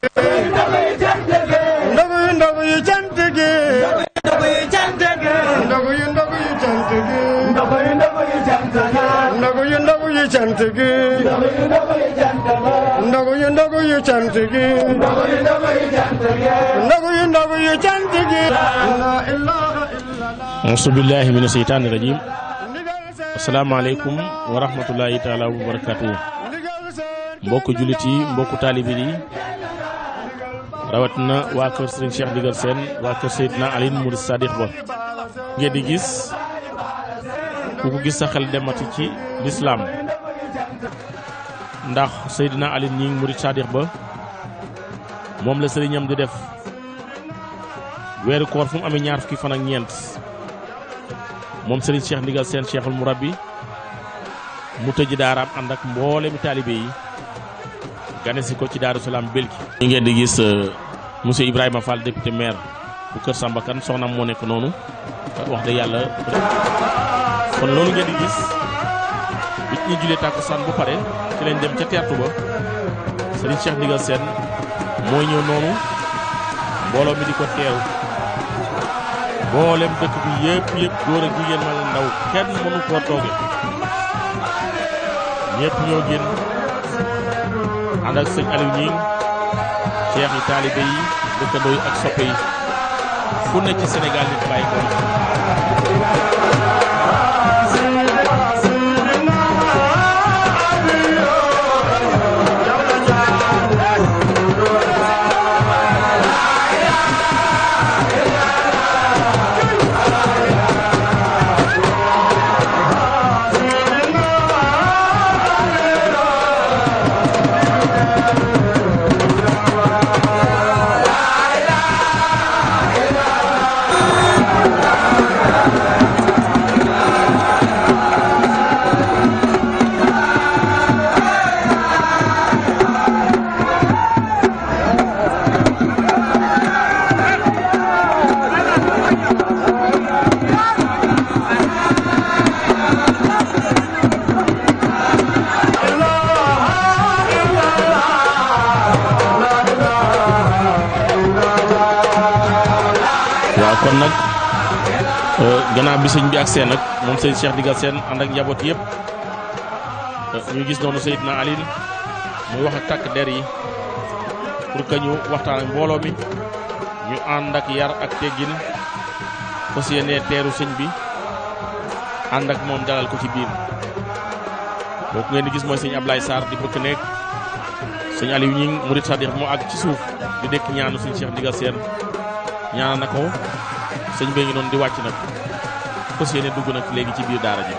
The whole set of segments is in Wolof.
cant gi ndogu yu ndogu yu cant gi ndogu yu ndogu yu cant gi ndogu yu ndogu yu cant gi auzu billahi mina seytaani rajim assalaamu aleykum wa rahmatullahi taala wa barakatuhu mbokk jullit yi mbokk taalibe yi rawat na waa kër sëriñ Cheikh Ndigal Sène waa kër Seydina Alioune Mourid Sadikh ba ngeen di gis ku ko gis sa xel demati ci lislaam ndax Seydina Alioune ñi Mourid Sadikh ba moom la sëriñam di def weeru koor fu mu amee ñaar fukki fan ak ñeent moom sëriñ Cheikh Ndigal Sène Cheikhul Mourabbi mu tëj daaraam ànd ak mboolemi taalibe yi gane ko ci Daaru Salaam Belki. ñu ngeen di gis euh, monsieur Ibrahima Fall député maire bu Kër Samba Kane soxnaam moo nekk noonu wax dëgg yàlla. kon loolu ngeen di gis bi ñu julee tàkkusaan bu pare ci leen dem ca teertu ba Serigne Cheikh Ndigal Sène mooy ñëw noonu mbooloo mi di ko teew mboolem dëkk bi yëpp yëpp góor ak jigéen mag ak ndaw kenn mënu koo tooge ñëpp ñoo génn. ànd ak sëñ Aliou ñing yi taalibe yi dëkkandoo yi ak soppe yi fu ne ci Sénégal nit bàyyi ko gannaaw bi sëñ bi ak seen nag moom sëñ Cheikh Ndigal seen ànd ak njaboot yëpp ñu gis noonu Seydina Alioune muy wax ak takk der yi pour que ñu waxtaan ak mbooloo ñu ànd ak yar ak teggin fas yéenee teeru sëñ bi ànd ak moom dalal ko ci biir booku ngeen di gis mooy sëñ Ablaye Sarr di bëkk nekk sëñ Aliou ñi murit Sadikh moo àgg ci suuf di dekk ñaanu sëñ Cheikh Ndigal seen ñaana na ko sëñ bi ngi doon di wàcc nag fas yéene dugg nag léegi ci biir daara ji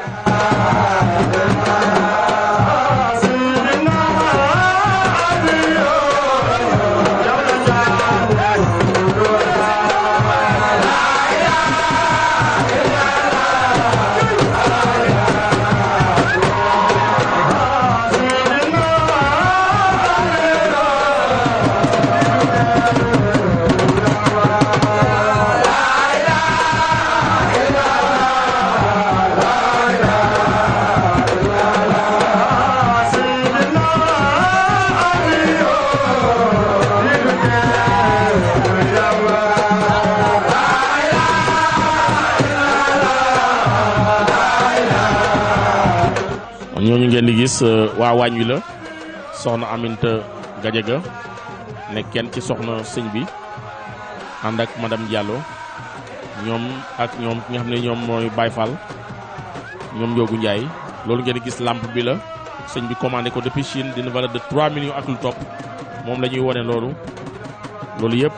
ñooñu ngeen di gis euh, waa waañ wi la soxna Aminta Gadiaga nekk kenn ci soxna sëñ bi ànd ak madame Diallo ñoom ak ñoom ki nga xam ne ñoom mooy Baye Fall ñoom Njoogu Njaay loolu ngeen di gis làmp bi la sëñ bi commandé ko depuis Chine dina valeur de 3 millions ak lu topp moom la ñuy wone loolu loolu yëpp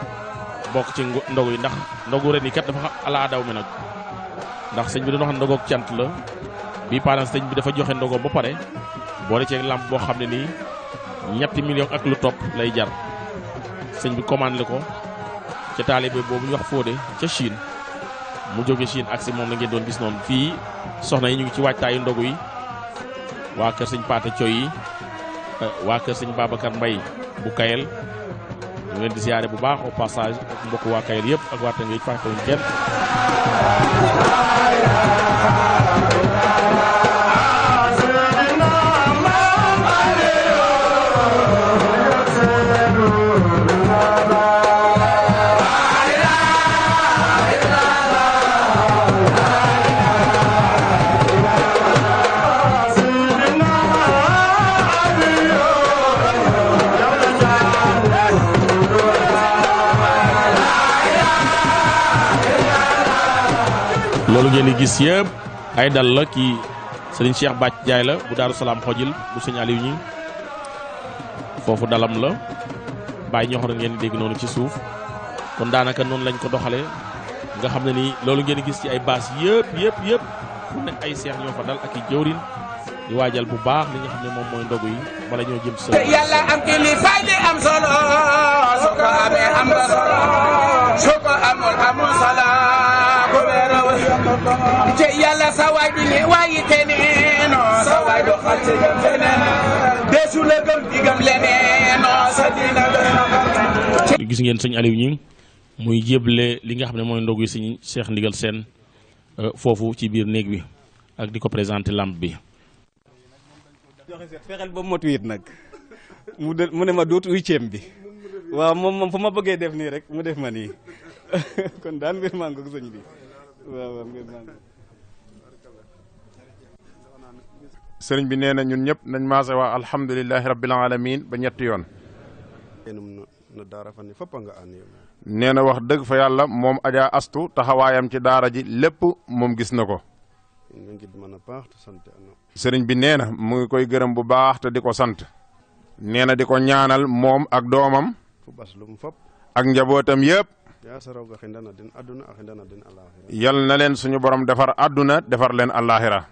bokk ci ndog yi ndax ndogu ren yi kat dafa ala daw mi nag ndax sëñ bi dañoo xam ndogook cant la bii parents sëñ bi dafa joxe ndogoom ba pare boo ceeg làmp boo xam ne nii ñetti million ak lu topp lay jar sëñ bi commandé ko ca taalibe boobu ñu wax Fodé ca Chine mu jóge Chine ak si moom la ngeen doon gis noonu fii soxna yi ñu ngi ci waajtaayu ndogu yi waa kër sëñ Paate Coy yi eh, waa kër sëñ Babacar Mbay bu Kayel mu leen di siyaare bu baax au passage ak mbokk waa Kayel yëpp ak waa Tëngéej fàttewuñ kenn ngeen gis yëpp ay dal la kii sëriñ Cheikh Bàcc Jaay la bu Daaru Salaam xojil bu sëñ Aliou ñi foofu dalam la bàyyi ñoxor ngeen di dégg noonu ci suuf kon daanaka noonu lañ ko doxalee nga xam ne ni loolu ngeen gis ci ay baas yëpp yëpp yëpp fu ne ay seex ñoo fa dal ak i jëwrin di waajal bu baax li nga xam ne moom mooy ndogu yi bala ñoo jëm solo yàlla am kilifa di am solo su ko amee am solo solo te yàlla sa bi ne waayi teneen sa waay do xal ci gam teneen desu la gëm digam leneen sa dina gis ngeen sëñ Aliou ñi muy jéble li nga xam ne mooy ndog yi sëñ Cheikh Ndigal Sène euh, foofu ci biir néeg bi ak di ko présenté lampe bi joxe seet fexeel ba mot nag mu de mu ne ma dootu huitième bi waaw moom moom fu ma bëggee def nii rek mu def ma nii kon daan mbir maa ngoog sëñ bi sëriñ bi nee na ñun ñëpp nañ maase waa alhamdulilahi rabbil alamin ba ñetti yoon nee na wax dëgg fa yàlla moom ajaa astu taxawaayam ci daara ji lépp moom gis na ko sëriñ bi nee na mu ngi koy gërëm bu baax te di ko sant neena di ko ñaanal moom ak doomam ak njabootam yépp yal na leen suñu borom defar àdduna defar leen àllaaxira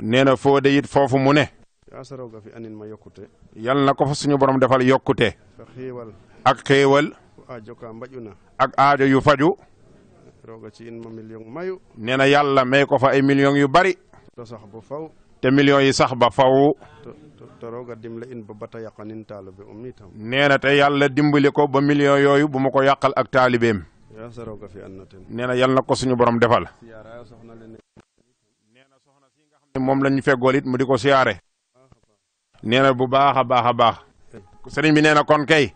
nee na foo de it foofu mu ne yal na ko fa suñu borom defal yokkute ak xéewal ak aajo yu faju nee na yàlla may ko fa ay millions yu bari. te millions yi sax ba faw um nee na te yàlla dimbali ko ba millions yooyu bu ma ko yàqal ak taalibeem nee na yàlla ko suñu borom defal moom la ñu feggool it mu di ko siyaare nee na bu baax a baax a baax sëriñ bi nee na kon kay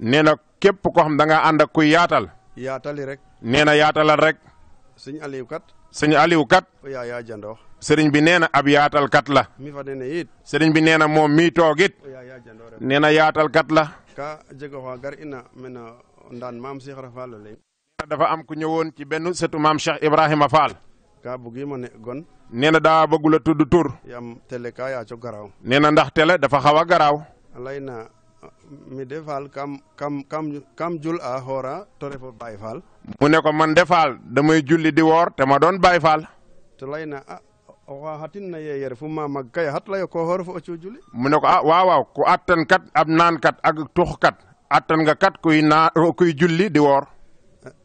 nee na képp ko xam da nga ànd ak kuy yaatal yaatali rek nee na yaatalal rek sëñ Aliou kat sëñ Aliou kat sëriñ bi nee na ab yaatalkat la sëriñ bi nee na moom mii toogit nee na yaatalkat la nee na dafa am ku ñëwoon ci benn setu maam Cheikh Ibrahima Fall nee na daa bëggula tudd tur nee na ndax tele dafa xaw a garaaw mi defal kam kam jul a xoora to refo Baay Faal mu ne ko man defal damay julli di woor te ma doon Baay Faal to lay na ah oxa xatin na yeeyer fu ma mag kay xatlayo ko o mu ne ko ah waaw waaw ku attan kat ab naan kat ak tux kat attan nga kat kuy naa kuy julli di woor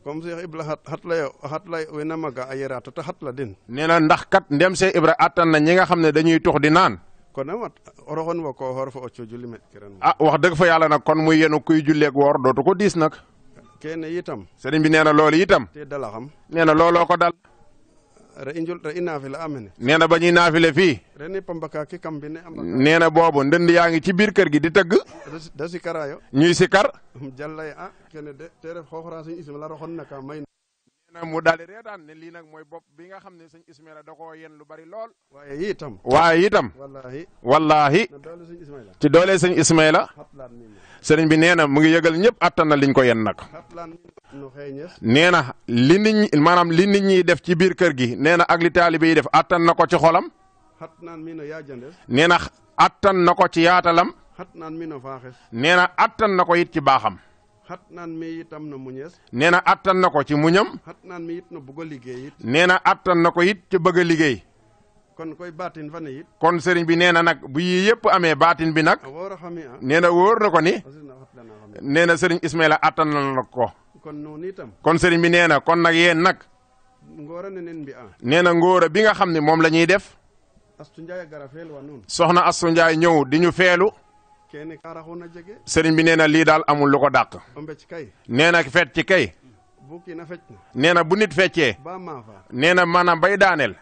comme Cheikh Ibra xatlayo xatlay we na maga a yera tata xatla den nee na ndax kat ndem Cheikh Ibra attan na ñi nga xam ne dañuy tux di naan kon nag o roxon wa ko xoor fo o cuujuli met kiran a ah, wax dëgg fa yàlla nag kon muy yenu kuy julleeg woor dootu ko diis nag keene itam sëriñ bi nee na lool itam te looloo ko dal re i njul re i na ba ñuy naafile fii reni pambaka ki kam bi ne nee na boobu yaa ngi ci biir kër gi di tëgg da sikara yo ñuy sikar jallay a ah, kene de te ref xooxora suñu roxon na ka may na mu daal di reetaan ne lii nag mooy bopp bi nga xam ne sëñ Ismaila da koo yen lu bari lool. waaye itam. waaye itam. wallaahi. wallaahi. ci doole sëñ Ismaila. sëriñ bi nee na mu ngi yëgal ñëpp attan na liñ ko yen nag. nee na li nit ñi li nit ñi def ci biir kër gi nee na ak li taalibe yi def attan na ko ci xolam. nee na attan na ko ci yaatalam. nee na attan na ko it ci baaxam. xat naan mi na muñees nee na attan na ko ci muñam xat na bëgg liggéey nee na attan na ko it ci bëgg liggéey kon koy baatin fa kon sëriñ bi nee na nag bu yii yëpp amee baatin bi nag nee na wóor na ko ni nee na sëriñ Ismaila attan na ko kon noonu kon sëriñ bi nee na kon nag yéen nag nee na ngóora bi nga xam ne moom la ñuy def soxna Astu Njaay ñëw di ñu feelu sëriñ bi nee na lii daal amul lu ko dàq. nee na fet ci kay. nee na bu nit feccee. nee na maanaam bay daaneel.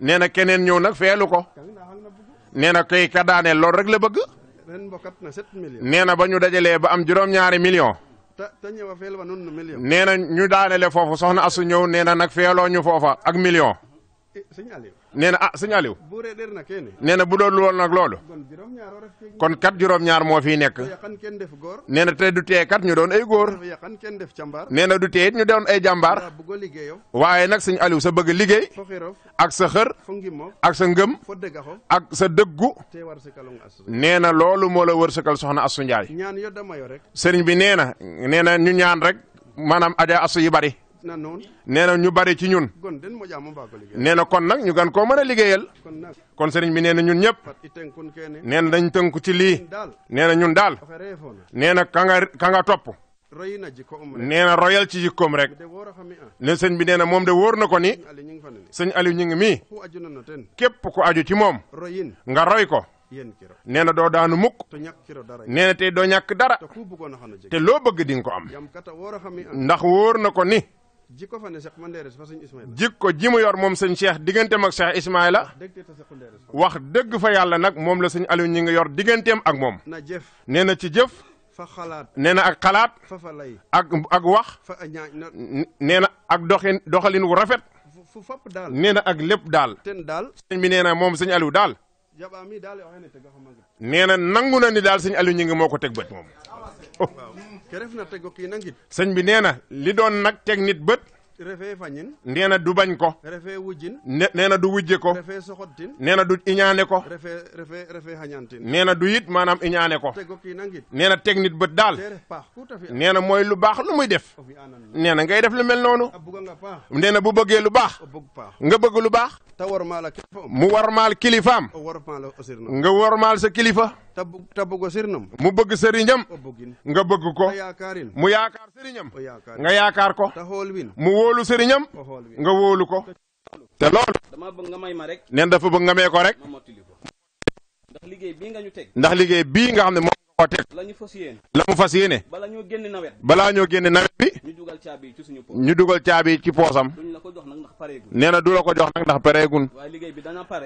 nee na keneen ñëw nag feelu ko. nee na kay ka daaneel lool rek la bëgg. nee na ba ñu dajalee ba am juróom-ñaari million nee na ñu daanele foofu soxna asu ñëw nee na nag feeloo ñu foofa ak million eh, nee na ah sëñ Aliou nee na bu doon lool nag loolu kon kat juróom-ñaar moo fiy nekk nee na te du tee kat ñu doon ay góor nee na du tee it ñu doon ay jàmbaar waaye nag sëñ Aliou sa bëgg liggéey ak sa xër ak sa ngëm ak sa dëggu nee na loolu moo la wërsëgal soxna Asou Ndiaye sëriñ bi nee na nee na ñu ñaan rek maanaam aja asu yi bari nee na ñu bari ci ñun nee na kon nag ñu gan koo mën a liggéeyal kon sëriñ bi nee na ñun ñëpp nee na dañ tënku ci lii nee na ñun daal nee na ka nga ka nga topp nee na royal ci jikkoom rek ne sëñ bi nee na moom de wóor na ko ni sëñ Aliou ñu ngi mii képp ku aju ci moom nga roy ko nee na doo daanu mukk nee na tey doo ñàkk dara te loo bëgg di nga ko am ndax wóor na ko ni. jikko fa ne Cheikh man ndeeres fa sëñ Ismaïla ji mu yor moom sëñ Cheikh digganteem ak Cheikh Ismaïla wax dëgg fa yàlla nag moom la sëñ Aliou ñi ngi yor digganteem ak moom na jëf nee na ci jëf fa xalaat nee na ak xalaat fa lay ak ak wax fa nee na ak doxin doxalin wu rafet fu fopp daal nee na ak lépp daal ten daal sëñ bi nee na moom sëñ Aliou daal nee na nangu na ni daal sëñ Aliou ñi ngi moo ko teg bët moom sëñ bi nee na li doon nag teg nit bët. nee na du bañ ko. nee na du wujje ko. nee na du iñaane ko. nee na du it maanaam iñaane ko. nee na teg nit bët daal. nee na mooy lu baax lu muy def. nee na ngay def lu mel noonu. nee na bu bëggee lu baax. nga bëgg lu baax. mu war warmaal kilifaam. nga war maal sa kilifa. te bëgg sëriñam mu bëgg sëriñam nga bëgg ko mu yaakaar sëriñam nga yaakaar ko mu wóolu sëriñam nga wóolu ko te loolu dama bëgg nga may ma rek neen dafa bëgg nga mee ko rek ndax liggéey bii nga ñu teg ndax liggéey bii nga xam ne moom nga ko teg la ñu fas yéene la mu fas yéene balaa ñoo génn nawet balaa ñoo génn nawet bi ñu dugal caabi yi ci suñu poos ñu dugal caabi yi ci poosam nee na du la ko jox nag ndax pareegun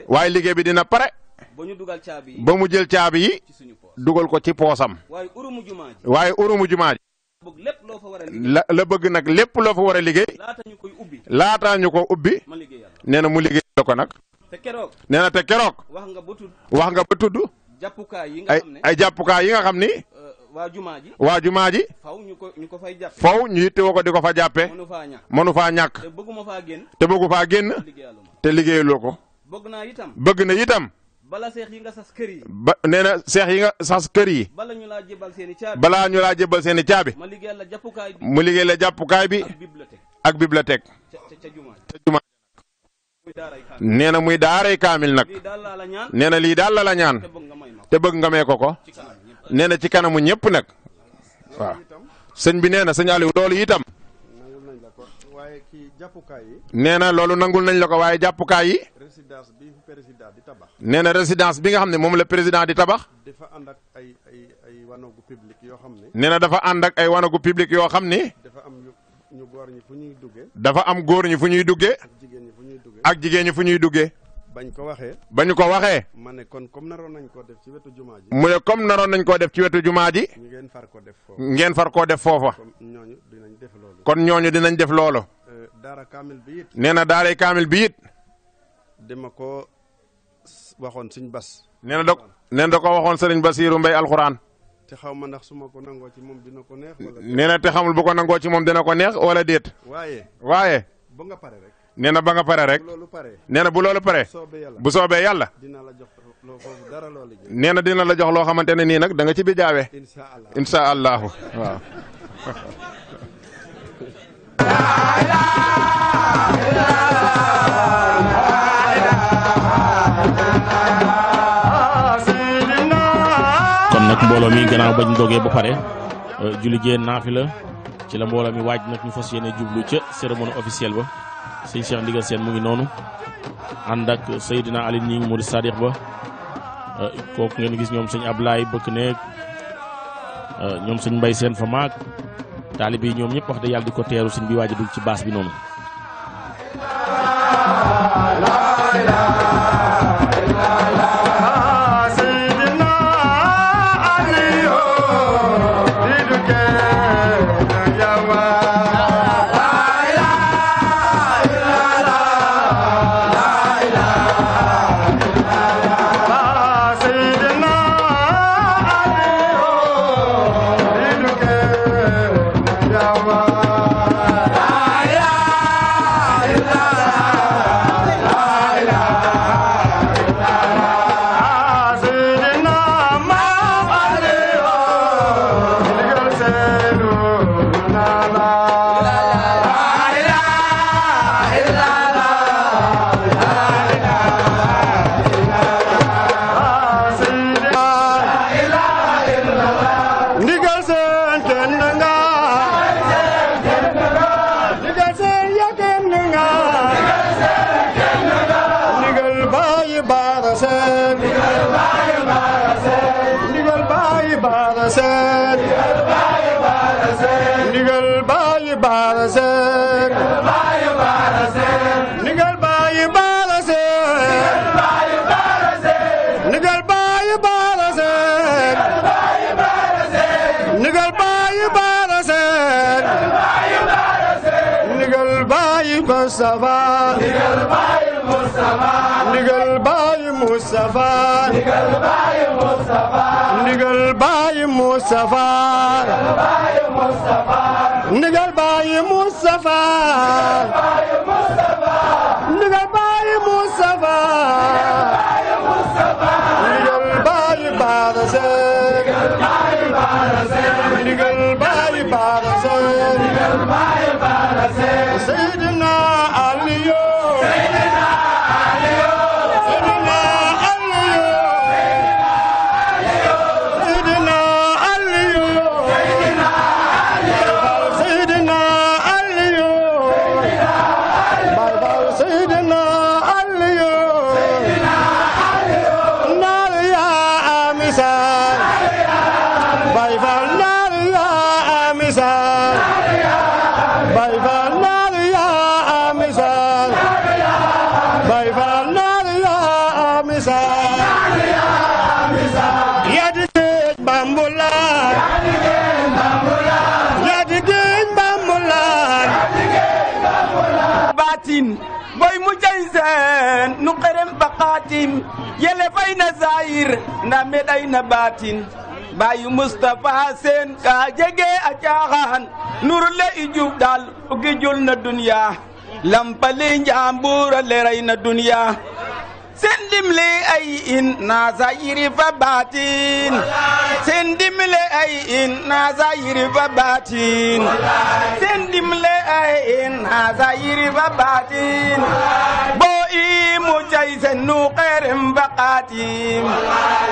waaye liggéey bi dina pare ba ñu dugal caabi yi ba mu jël caabi yi dugal ko ci poosam. waaye urumu jumaa ji waaye urumu jumaa ji la la bëgg nag lépp loo fa war a liggéey. laata ñu koy ubbi laata ñu ko ubbi nee na mu liggéey ko nag. te keroog te keroog. wax nga ba tudd wax nga ba jàppukaay yi nga ay ay jàppukaay yi nga xam ni. Euh, waa jumaa ji waa jumaa ji. faw ñu ko ñu ko fay jàppee. faw ñu yittewoo ko di ko fa jàppee. mënu faa ñàkk mënu faa ñàkk. te bëggu faa génn. te bëggu faa génn. te liggéeyaloo ko. bëgg na itam. bala seex yi nga sas kër yi. ba nee na seex yi nga sas kër yi. bala ñu laa jébal seen i caabi. balaa ñu laa jébal seen i caabi. mu liggéeyal la jàppukaay bi. mu liggéeyal jàppukaay bi. ak bibliothèque. ak bibliothèque. ca ca jumaa ca jumaa nee na muy daaray kaamil nag. nee na lii daal la la ñaan. te bëgg nga may ko ko. nee na ci kanamu ñëpp nag. waaw sëñ bi nee na sëñ Aliou loolu itam. nee na loolu nangul nañ la ko waaye jàppukaay yi. nee na résidence bi nga xam ne moom la président di tabax. dafa ànd ak ay ay ay wanagu public yoo xam ne. nee na dafa ànd ak ay wanagu public yoo xam ne. dafa am ñu góor ñi fu ñuy duggee. dafa am góor ñi fu ñuy duggee. ak jigéen ñi fu ñuy duggee. ak jigéen ñi fu ñuy duggee. bañ ko waxee. bañ ko waxee. ma ne comme naroon nañ koo def ci wetu jumaa ji. mu ne comme naroon nañ koo def ci wetu jumaa ji. ngeen far koo def foofa. ngeen far koo def foofa. kon ñooñu dinañ def loolu. kon ñooñu dinañ def loolu. Euh, daara kaamil bi nee na daaray kaamil bi it. dama ko waxoon sëñ bas. nee na da nee na da ko waxoon sëriñ Basiiru Mbay alxuraan. te xaw ma ndax su ma ko nangoo ci moom dina ko neex. wala te xamul bu ko nangoo ci moom dina ko neex wala déet. waaye. waaye. ba nga pare rek. nee na ba nga pare rek. nee na bu loolu pare. bu soobee yàlla. dina la jox loo foofu dara nee na dina la jox loo xamante ne nii nag da ci bijaawee. incha allah incha allahu waaw. la la mbooloo mi gannaaw bañ dogee ba pare euh, julli jee naafi la ci la mbooloo mi waaj nag ñu fas yéene jublu ca cérémonie officielle ba sëñ Cheikh Ndigal seen mu ngi noonu ànd ak Seydina Ali Ñing mu di Sadiq ba euh, kooku ngeen gis ñoom sëñ Ablaay bëkk neeg euh, ñoom sëñ Mbay seen fa maag taalib yi ñoom ñëpp wax da yàlla di ko teeru sëñ bi waaj a dugg ci baas bi noonu Moustapha ndigal baay Moustapha ndigal baay Moustapha ndigal baay Moustapha ndigal baay Moustapha na mi ɗay na baatin baayu Moustapha Seen ka jege a caaxaan nurule i jub daal ugi jul na duniya lampali njaambur leray na duniya seen dimle ay in na zahiri fa baatin seen dimle ay in na zahiri fa baatin boo imu cay seen nu xeerem baqaatin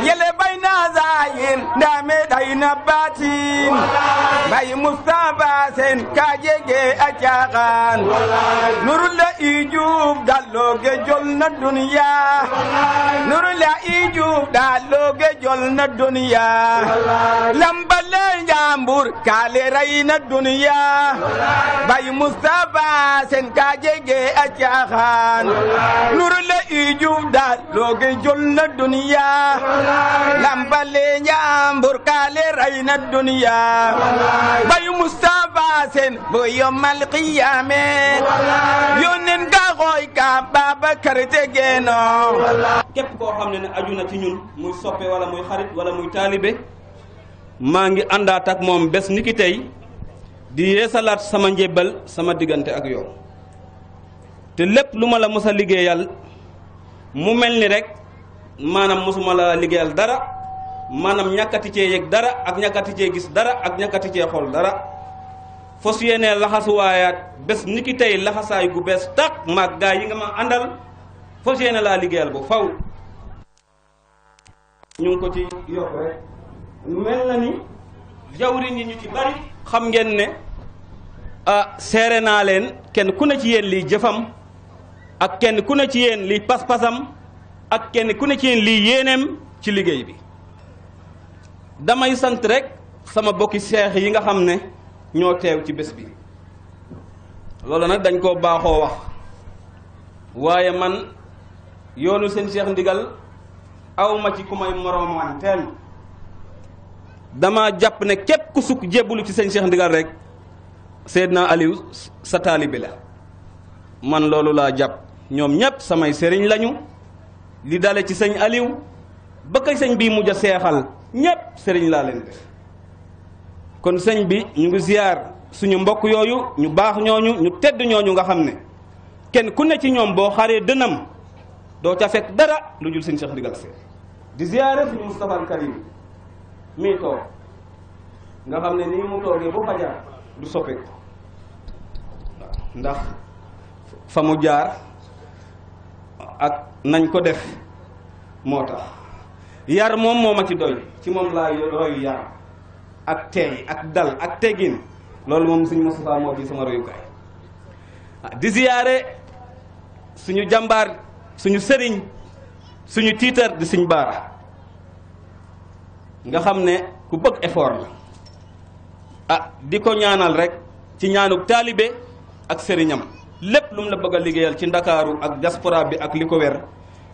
yele bay na zahin dame day na baatin bay Mustafa seen ka a caaxaan nurul la i juub dallooge jol na duniyaa nuru la i juub daa looge jol na duniya lambale njambur kaale ray na duniya bay Mustafa sen jege a caaxaan nuru la i juub daa looge jol na duniya lambale njambur kaale ray na duniya bay Mustafa sen bo yomal qiyaame yonen ga xooy ka Babakar jege no képp koo xam ne ne aju na ci ñun muy soppe wala muy xarit wala muy taalibe maa ngi àndaat ak moom bés ni ki tey di yeesalaat sama njébbal sama diggante ak yow te lépp lu ma la mos a liggéeyal mu mel ni rek maanaam mosuma la liggéeyal dara maanaam ñàkkati cee yëg dara ak ñàkkati cee gis dara ak ñàkkati cee xool dara fos yéenee laxasuwaayaat bés ni ki tey laxasaay gu bees tàq maag gaa yi nga ma àndal fas yéene laa liggéeyal bu faw ñu ngi ko ci yokk rek mel na ni jawriñ yi ñu ci bari xam ngeen ne ah seere naa leen kenn ku ne ci yéen liy jëfam ak kenn ku ne ci yéen liy pas-pasam ak kenn ku ne ci yéen liy yéeneem ci liggéey bi damay sant rek sama bokki seex yi nga xam ne ñoo teew ci bés bi loolu nag dañ koo baaxoo wax waaye man yoonu seen seex ndigal awma ci ku may moroomaan teen dama jàpp ne képp ku sukk jébbalu ci seen seex ndigal rek Seydina Aliou sa taalibi la man loolu laa jàpp ñoom ñépp samay sëriñ lañu li dale ci sëñ aliw ba kay sëñ bii mujj a seexal ñépp sëriñ laa leen def kon sëñ bi ñu ngi ziyaar suñu mbokk yooyu ñu baax ñooñu ñu tedd ñooñu nga xam ne kenn ku ne ci ñoom boo xaree dënam doo ca fekk dara lu jul sëñ Cheikh Ndigal Sène di ziare suñu Moustapha al mii toog nga xam ne nii mu toogee ba fajar du soppeeku ndax fa mu jaar ak nañ ko def moo tax yar moom moo ma ci doy ci moom laa royu yar ak teey ak dal ak teggin loolu moom suñu Moustapha moo di sama royukaay di suñu jàmbaar suñu sëriñ suñu tiitar di suñ baara nga xam ne ku bëgg effort la ah di ko ñaanal rek ci ñaanuk taalibe ak sëriñam lépp lu mu la bëgg liggéeyal ci ndakaaru ak jasporaa bi ak li ko wér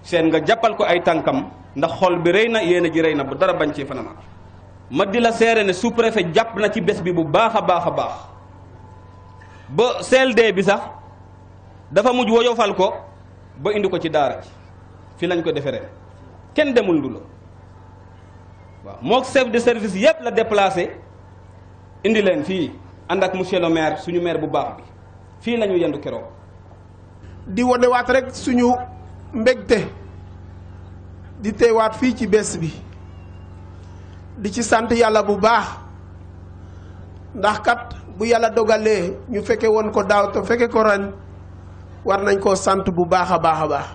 seen nga jàppal ko ay tànkam ndax xol bi rëy na yéene ji rey na bu dara bañ ci fanama ma di la seere ne sous-préfet jàpp na ci bés bi bu baax a baax a baax ba CLD bi sax dafa mujj woyofal ko ba indi ko ci daara ci fii lañ ko deferee kenn demul ndulo waaw mook chef de service yëpp la déplacé indi leen fii ànd ak monsieur le suñu maire bu baax bi fii lañu ñu yendu keroog. di wonewaat rek suñu mbegte di teewaat fii ci bés bi di ci sant yàlla bu baax ndax kat bu yàlla dogalee ñu fekke woon ko daaw te fekke ko ren. war nañ koo sant bu baax a baax a baax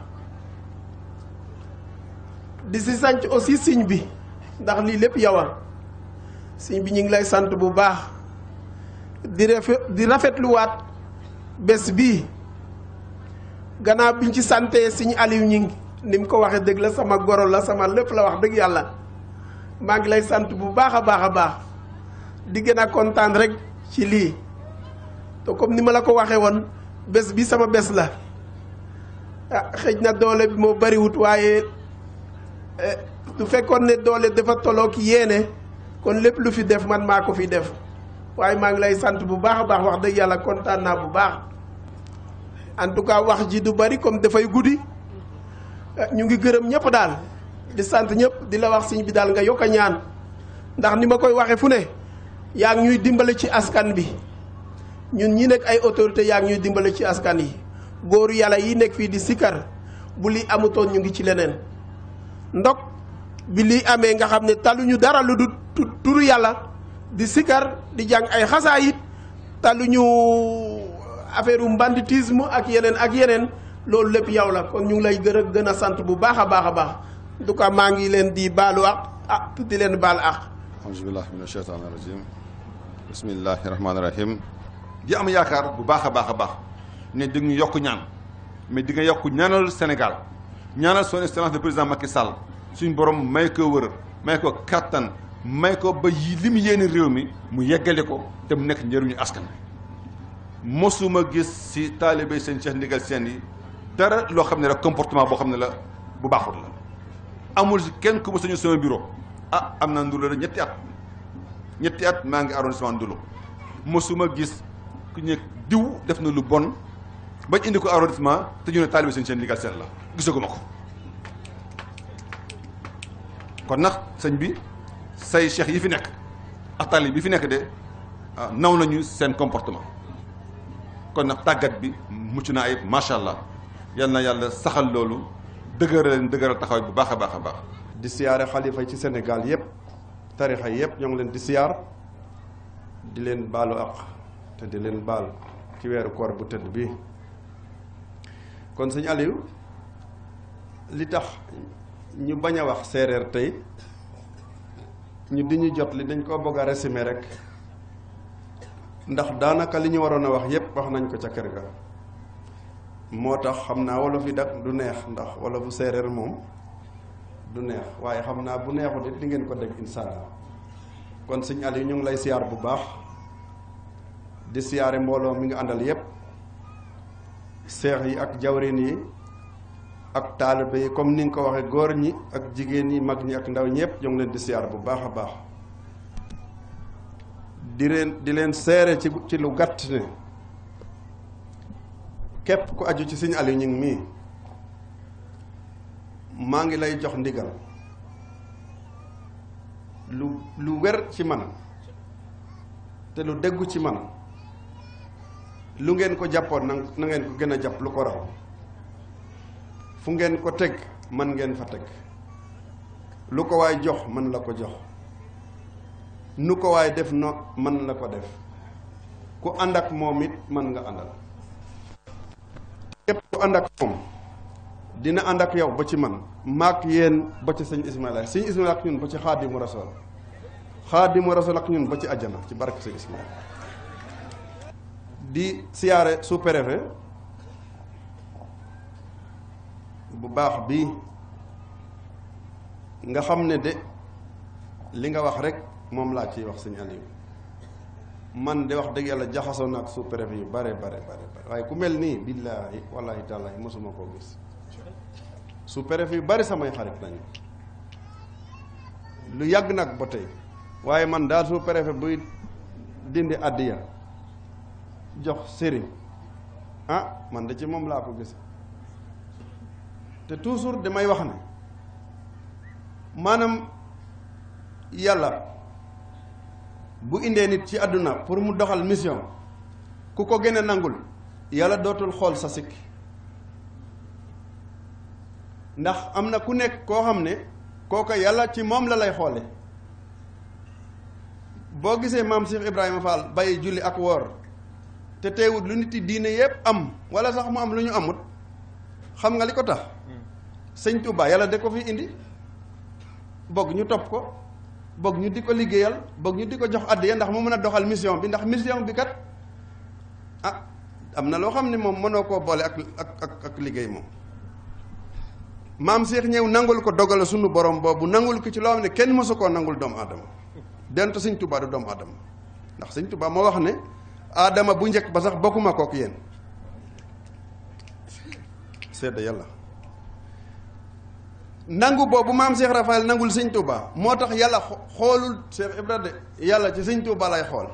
di si sanc aussi sëñ bi ndax lii lépp yawa sëñ bi ñu ngi lay sant bu baax di rafet di rafetluwaat bés bii gannaaw biñ ci santee sëñ Aliou ñi ni mu ko waxee dëgg la sama goro la sama lépp la wax dëgg yàlla maa ngi lay sant bu baax a baax a baax di gën a kontaan rek ci lii te comme ni ma la ko waxee woon bés bi sama bés la ah xëj na doole bi moo bariwut waaye eh, du fekkoon ne doole dafa toloo ki yéene kon lépp lu fi def man maa ko fi def waaye maa ngi lay sant bu baax a baax wax dëgg yàlla kontaan naa bu baax en tout cas wax ji du bari comme dafay guddi eh, ñu ngi gërëm ñëpp daal di sant ñëpp di la wax sëñ bi daal nga yokk a ñaan ndax ni ma koy waxee fu ne yaa ngi ñuy dimbali ci askan bi ñun ñi nekk ay autorité yaa ngi ñuy dimbale ci askan yi góoru yàlla yi nekk fii di sikkar bu lii amutoon ñu ngi ci leneen ndok bi lii amee nga xam ne taluñu dara lu du turu yàlla di sikkar di jàng ay xasaayit taluñu affaire u banditisme ak yeneen ak yeneen loolu lépp yow la kon ñu ngi lay gën a gën a sant bu baax a baax a baax en maa ngi leen di baalu ak ah di leen baal ak. alhamdulilah min bismillahi rahmaani rahim di am yaakaar bu baax a baax a baax ne di nga yokk ñaan mais di nga yokk ñaanal Sénégal ñaanal son excellence le président Macky Sall suñ borom may ko wër may ko kattan may ko ba li mu yéene réew mi mu yeggale ko te mu nekk njëriñu askan mosuma gis si taalibe seen Cheikh Ndigal seen yi dara loo xam ne rek comportement boo xam ne la bu baaxul la amul kenn ku ma sañu sama bureau ah am naa ndulo la ñetti at ñetti at maa ngi arrondissement ndulo mosuma gis ku nekk diw def na lu bon bañ indi ko arrondissement te ñu ne taalibe seen seen liggéey seen la gisaguma ko kon nag sëñ bi say cheikh yi fi nekk ak taalib bi fi nekk de ah, naw nañu seen comportement kon nag tàggat bi mucc na ayib macha allah yal na yàlla saxal loolu dëgëral leen dëgëral taxawaay bu baax a baax a baax. di siyaare xalifa yi ci senegal yëpp tarixa yëpp ñoo ngi leen di siyaar di leen baalu àq. te di leen baal ci weeru koor bu tëdd bii kon sëñ Aliou li tax ñu bañ a wax séeréer tey ñu di ñu jot li dañ koo bëgg a résumer rek ndax daanaka li ñu waroon a wax yépp wax nañ ko ca kër ga moo tax xam naa wolof yi dak du neex ndax wolofu séeréer moom du neex waaye xam naa bu neexul it li ngeen ko dégg inshallah kon sëñ Aliou ñu ngi lay siyaar bu baax di siyaare mbooloo mi ngi àndal yépp seex yi ak jawrin yi ak taalibe yi comme ni nga ko waxee góor ñi ak jigéen ñi mag ñi ak ndaw ñëpp ñoo ngi leen di bu baax a baax di leen di leen seere ci ci lu gàtt ne képp ku aju ci Sëriñ Aliou mi maa ngi lay jox ndigal lu lu wér ci man te lu déggu ci man lu ngeen ko jàppoon na ngeen ko gën a jàpp lu ko raw fu ngeen ko teg man ngeen fa teg lu ko waay jox man la ko jox nu ko waay def no man la ko def ku ànd ak moom it man nga àndal képp ku ànd ak moom dina ànd ak yow ba ci man maak yeen ba ci sëñ Ismaila sëñ Ismaila ak ñun ba ci xaadimu rasool xaadimu rasool ak ñun ba ci àjjana ci barke sëñ Ismaila di siyaare sous-préfet bu baax bi nga xam ne de li nga wax rek moom laa ciy wax sëñ Aliou man de wax dëgg yàlla jaxasoo na ak sous-préfet yu bare bare waaye ku mel nii billaahi wallaahi tàllaahi mosuma koo gis sous-préfet yu bari samay xarit lañu lu yàgg nag ba tey waaye man daal sous-préfet buy dindi àddiya jox sëriñ ah man de ci moom laa ko gis te toujours damay wax ne maanaam yàlla bu indee nit ci àdduna pour mu doxal mission ku ko gën a nangul yàlla dootul xool sa sikk ndax am na ku nekk koo xam ne kooka yàlla ci moom la lay xoole boo gisee maam Cheikh Ibrahima Fall bàyyi julli ak woor te teewut lu nit yi diine yëpp am wala sax mu am lu ñu amut xam nga li ko tax sëñ Touba yàlla da ko fi indi boog ñu topp ko boog ñu di ko liggéeyal boog ñu di ko jox addiya ndax mu mën a doxal mission bi ndax mission bi kat ah am na loo xam ne moom mënoo koo boole ak ak ak liggéey moom maam Cheikh ñëw nangul ko dogale sunu borom boobu nangul ko ci loo xam ne kenn mësu koo nangul doomu aadama dent sëñ Touba du doomu aadama ndax sëñ Touba moo wax ne aadama bu njëkk ba sax bokkuma kook yéen sedd yàlla nangu boobu maam Cheikh Rafael nangul sëñ Touba moo tax yàlla xoolul Cheikh Ibra de yàlla ci sëñ Touba lay xool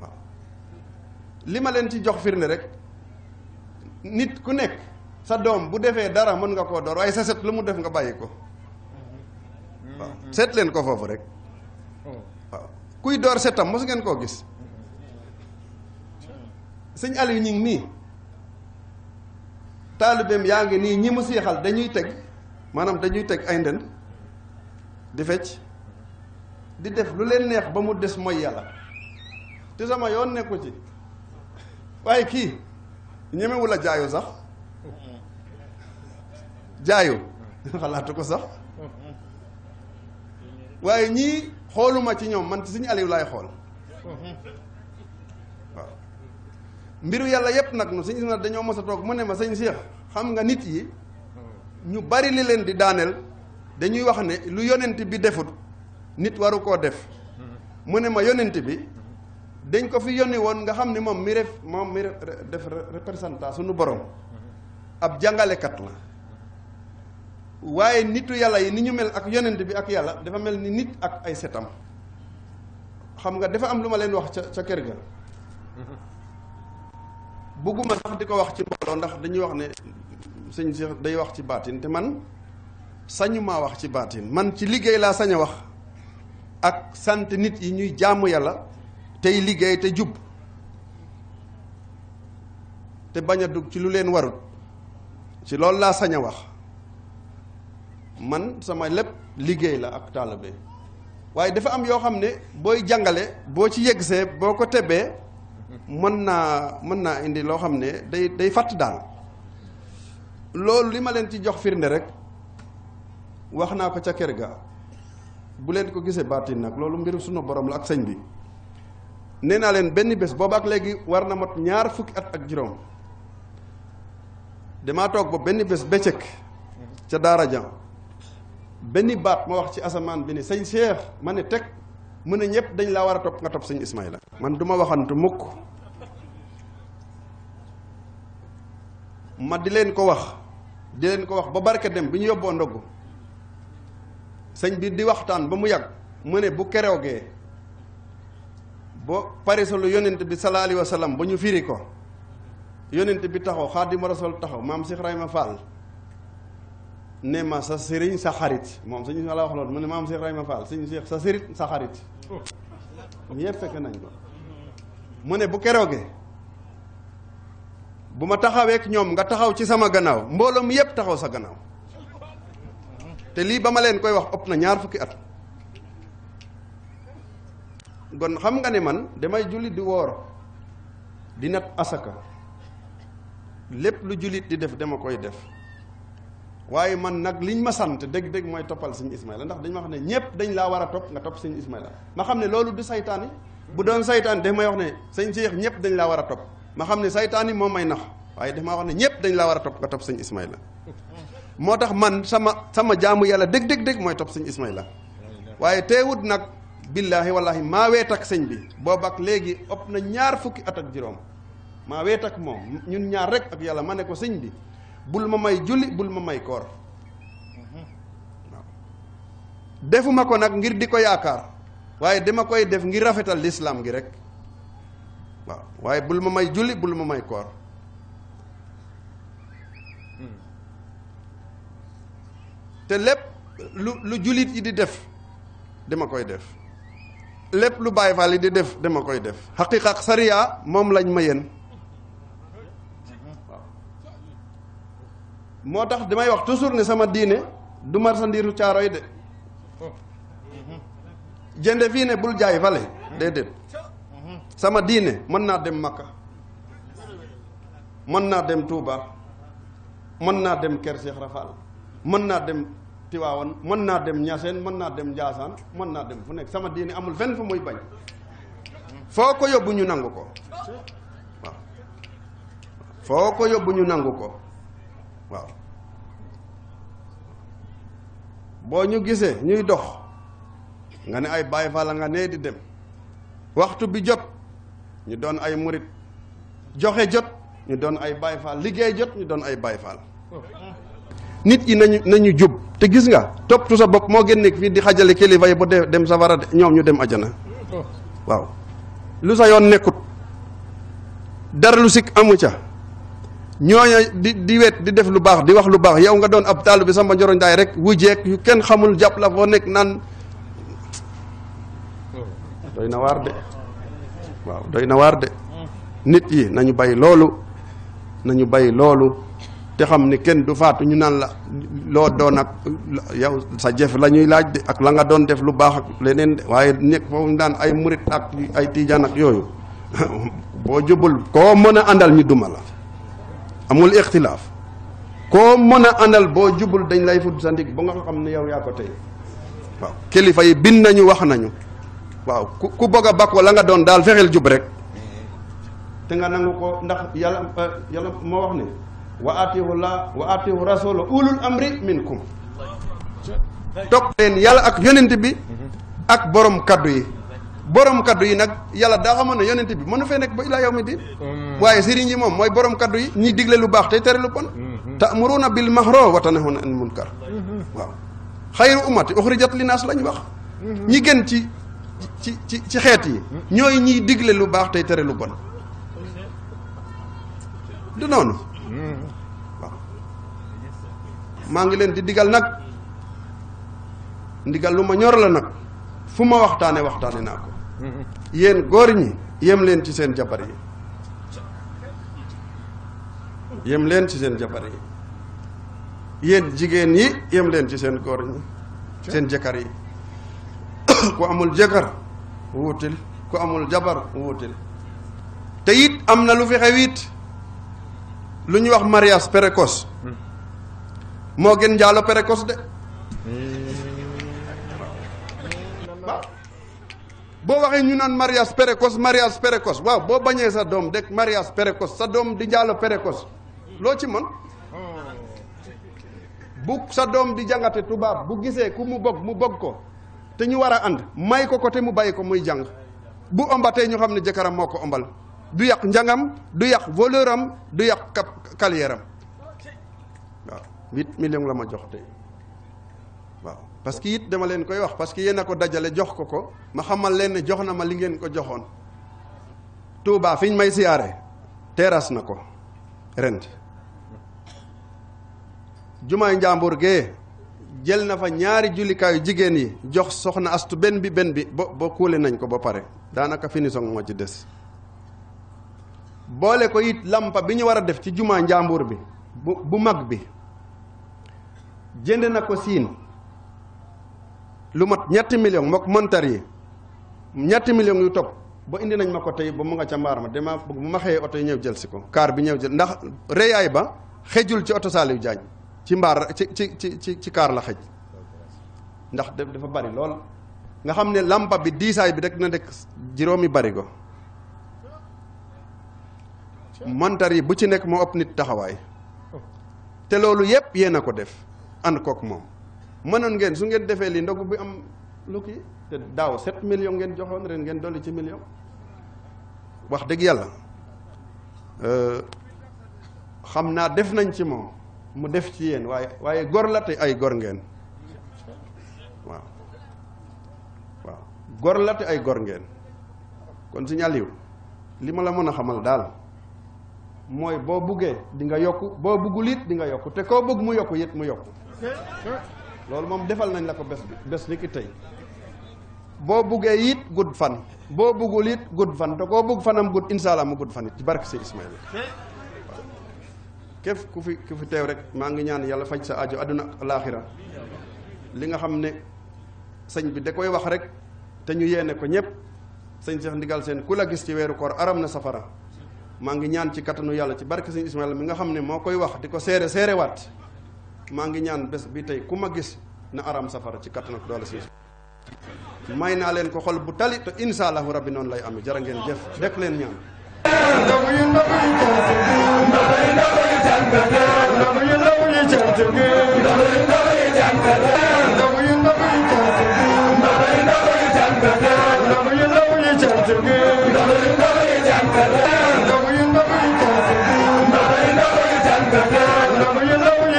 waaw li ma leen ci jox firnde rek nit ku nekk sa doom bu defee dara mën nga koo dor waaye sa set lu mu def nga bàyyi ko waaw seet leen ko foofu rek oh. kuy door setam mos ngeen koo gis sëñ Aliou ñu ngi nii taalibeem yaa ngi nii ñii mu siixal dañuy teg maanaam dañuy teg ay ndënd di fecc di def lu leen neex ba mu des mooy yàlla te sama yoon nekku ci waaye kii ñemewu la jaayu sax jaayu xalaatu ko sax waaye ñii xooluma ci ñoom man ci suñu Aliou laay xool waaw mbiru yàlla yépp nag nu suñu dañoo mos a toog mu ne ma sëñ Cheikh xam nga nit yi ñu bari li leen di daaneel dañuy wax ne lu yonent bi defut nit waru koo def mu ne ma yonent bi dañ ko fi yónni woon nga xam ne moom mi ref moom mi def représentant suñu boroom ab jàngalekat la waaye nitu yàlla yi ni ñu mel ak yonent bi ak yàlla dafa mel ni nit ak ay setam xam nga dafa am lu ma leen wax ca ca kër ga bugguma sax di ko wax ci mbooloo ndax dañuy wax ne sëñ Cheikh day wax ci baatin te man sañu maa wax ci baatin man ci liggéey laa sañ a wax ak sant nit yi ñuy jàmm yàlla tey liggéey te jub te bañ a dugg ci lu leen warut ci loolu laa sañ a wax man sama lépp liggéey la ak taalibe waaye dafa am yoo xam ne booy jàngale boo ci yeggsee boo ko tebee mën naa mën naa indi loo xam ne day day fàtt daal loolu li ma leen ci jox firnde rek wax naa ko ca kër ga bu leen ko gisee baatin nag loolu mbir sunu borom la ak sëñ bi nee naa leen benn bés booba ak léegi war na mot ñaar fukki at ak juróom dama toog ba benn bés bëccëg ca daara ja benn baat ma wax ci asamaan bi ni sañ Cheikh ma ne teg mu ne ñëpp dañ laa war a topp nga topp sëñ la man du ma waxantu mukk ma di leen ko wax di leen ko wax ba barke dem bi ñu yóbboo ndogg sëñ bi di waxtaan ba mu yàgg mu ne bu keroogee boo parisalu yonent bi sallallahu alayhi wa sallam ba ñu firi ko yonent bi taxaw xaadimu rasul taxaw maam Cheikh Ibrahima Fall ne ma sa sëriñ sa xarit moom suñu la wax loolu mu ne maam Cheikh Ibrahima Fall suñu Cheikh sa sëriñ sa xarit oh. ñëpp fekk nañ ko mu ne bu keroogee bu ma taxaweek ñoom nga taxaw ci sama gannaaw mbooloo mi yëpp taxaw sa gannaaw te lii ba ma leen koy wax ëpp na ñaar fukki at kon xam nga ne man damay jullit di woor di nat asaka lépp lu jullit di def dama koy def waaye man nag li ñu ma sant dëgg-dëgg mooy toppal sëñ la ndax dañ ma wax ne ñëpp dañ laa war a topp nga topp sëñ Ismaïla ma xam ne loolu du saytaan yi bu saytaan daf may wax ne sëñ Cheikh ñëpp dañ laa war a topp ma xam ne saytaan yi may nax waaye daf maa wax ñëpp dañ laa war a topp nga moo tax man sama sama jaamu yàlla dëgg-dëgg-dëgg mooy topp sëñ la waaye teewut nag billaahi wallaahi maa weet ak sëñ bi boobu ak léegi ëpp na ñaar fukki at ak juróom maa weet ak moom ñun ñaar rek ak yàlla ma ne ko sëñ bi bul ma may julli bul ma may koor defuma ko nag ngir di ko yaakaar waaye dama koy def ngir rafetal lislaam gi rek waaw waaye bul ma may julli bul ma may koor te lépp lu lu jullit yi di def dama koy def lépp lu Baay Faal yi di def dama koy def xaqiiqa ak sariya moom lañ ma yéen moo tax damay wax toujours ne sama diine du marsandiiru caaro yi de jënde fii ne bul jaay fale déedéet sama diine mën naa dem Makka mën naa dem Touba mën naa dem Kër Cheikh mën naa dem Tiwaawan mën naa dem Ñaseen mën naa dem Njaasaan mën naa dem fu nekk sama diine amul fenn fu muy bañ foo ko yóbbu ñu nangu ko waaw foo ko yóbbu ñu nangu ko waaw boo ñu gisee ñuy dox nga ne ay Baay Faal nga nee di dem waxtu bi jot ñu doon ay murit joxe jot ñu doon ay Baay Faal liggéey jot ñu doon ay Baay Faal nit yi nañu nañu jub te gis nga toppatu sa bokk moo génn fii di xajale kilifa yi ba dem safara de ñoom ñu dem ajana waaw lu sa yoon nekkut dara lu sikk amu ca ñooña di di wet di def lu baax di wax lu baax yow nga doon ab taal bi sama njoroñ daay rek wujeek yu kenn xamul jàpp la foo nekk naan doy na waar de waaw doy na waar de nit yi nañu bay loolu nañu bay loolu te xam ni kenn du faatu ñu naan la loo doon ak yow sa jëf lañuy laaj de ak la nga doon def lu baax ak leneen de waaye nekk foofu daan ay murit ak ay tiijaan ak yooyu boo jubul koo mën a àndal ñu duma la amul ixtilaaf koo mën a àndal boo jubul dañ lay fudd sa ndig ba nga xam ne yow yaa ko tey waaw kilifa yi bind nañu wax nañu waaw ku ku bëgg a bakko la nga doon daal fexeel jub rek te nga nangu ko ndax yàlla eh, moo wax ne wa atihu la wa atihu rasula ulul amri minkum topp leen yàlla ak yonent bi ak borom kaddu yi borom kaddu yi nag yàlla daa xamoon ne yonent bi mënu fee nekk ba ilaa yawmi diin mm. waaye sëriñ yi moom mooy borom kaddu yi ñuy digle lu baax tey tere lu bon mm-hmm. ta'muruna bil mahro wa tanahuna an munkar mm-hmm. waaw xayru ummati uxrijat linaas lañ wax mm-hmm. gën ci ci ci ci xeet yi ñooy ñiy digle lu baax tey tere bon du noonu maa ngi leen di digal nag ndigal lu ma ñor la nag fu ma waxtaane waxtaane naa ko yéen góor ñi yem leen ci seen jabar yi yem leen ci seen jabar yi yéen jigéen yi yem leen ci seen góor ñi seen jëkkër yi ku amul jëkkër wuutil ku amul jabar wuutil te it am na lu fi xew it lu ñuy wax mariage précoce moo gën njaalo précoce de waaw hmm. boo waxee ñu naan mariage précoce mariage précoce waaw boo bañee sa doom dek mariage précoce sa doom di njaalo précoce loo ci mën bu sa doom di jàngate tubaab bu gisee ku mu bëgg mu bëgg ko te ñu war a ànd may ko ko te mu bàyyi ko muy jàng bu ombatee ñu xam ne jëkkëram moo ko ombal du yàq njàngam du yàq voleuram du yàq carrière am waaw huit millions la ma jox tey parce que it dama leen koy wax parce que yéen ko dajale jox ko ko ma xamal leen ne jox na ma li ngeen ko joxoon Touba fiñ may siyaare teeras na ko rent jumaay njàmbur gee jël na fa ñaari jullikaayu jigéen yi jox soxna astu benn bi benn bi ba ba kuule nañ ko ba pare daanaka finition moo ci des boole ko it lampa bi ñu war a def ci jumaa njàmbur bi bu bu mag bi jënd na ko siin lu mat ñetti million mook montar yi ñetti million yu topp ba indi nañ ma ko tey ba mu nga ca mbaar ma dama bëgg bu ma xëyee oto yi ñëw jël si ko kaar bi ñëw jël ndax reyaay ba xejul ci oto Saliou Diagne ci mbaar ci ci ci ci ci kaar la xëj ndax dafa bari lool nga xam ne làmpa bi diisaay bi rek na nekk juróomi bari ko montar yi bu ci nekk moo ëpp nit taxawaay te loolu yépp yéen a ko def ànd kook moom mënoon ngeen su ngeen defee li ndogu bi am lu te daaw set millions ngeen joxoon ren ngeen dolli ci million wax dëgg yàlla euh, xam naa def nañ ci moom mu def ci yéen waaye waaye gor la te ay gor ngeen waaw waaw gor la te ay gor ngeen kon si ñaliw li ma la mën a xamal daal mooy boo buggee di nga yokku boo buggul it di nga yokku te koo bëgg mu yokku it mu yokku loolu moom defal nañ la ko bés bi bés ni ki tey boo buggee it gudd fan boo buggul it gudd fan te koo bugg fanam gudd incha allah mu gudd fan ci barki si Ismaïla képp ku fi ku fi teew rek maa ngi ñaan yàlla faj sa ajo àdduna laaxira li nga xam ne sëñ bi da koy wax rek te ñu yéene ko ñëpp sëñ Cheikh ndigal seen ku la gis ci weeru koor aram na safara maa ngi ñaan ci kattanu yàlla ci barke sëñ Ismaïla mi nga xam ne moo koy wax di ko seere seerewaat maa ngi ñaan bés bi tey ku ma gis na aram safara ci kattan ak doole siis may naa leen ko xol bu tali te insha allahu rabbi noonu lay amee jërë ngeen jëf dekk leen ñaan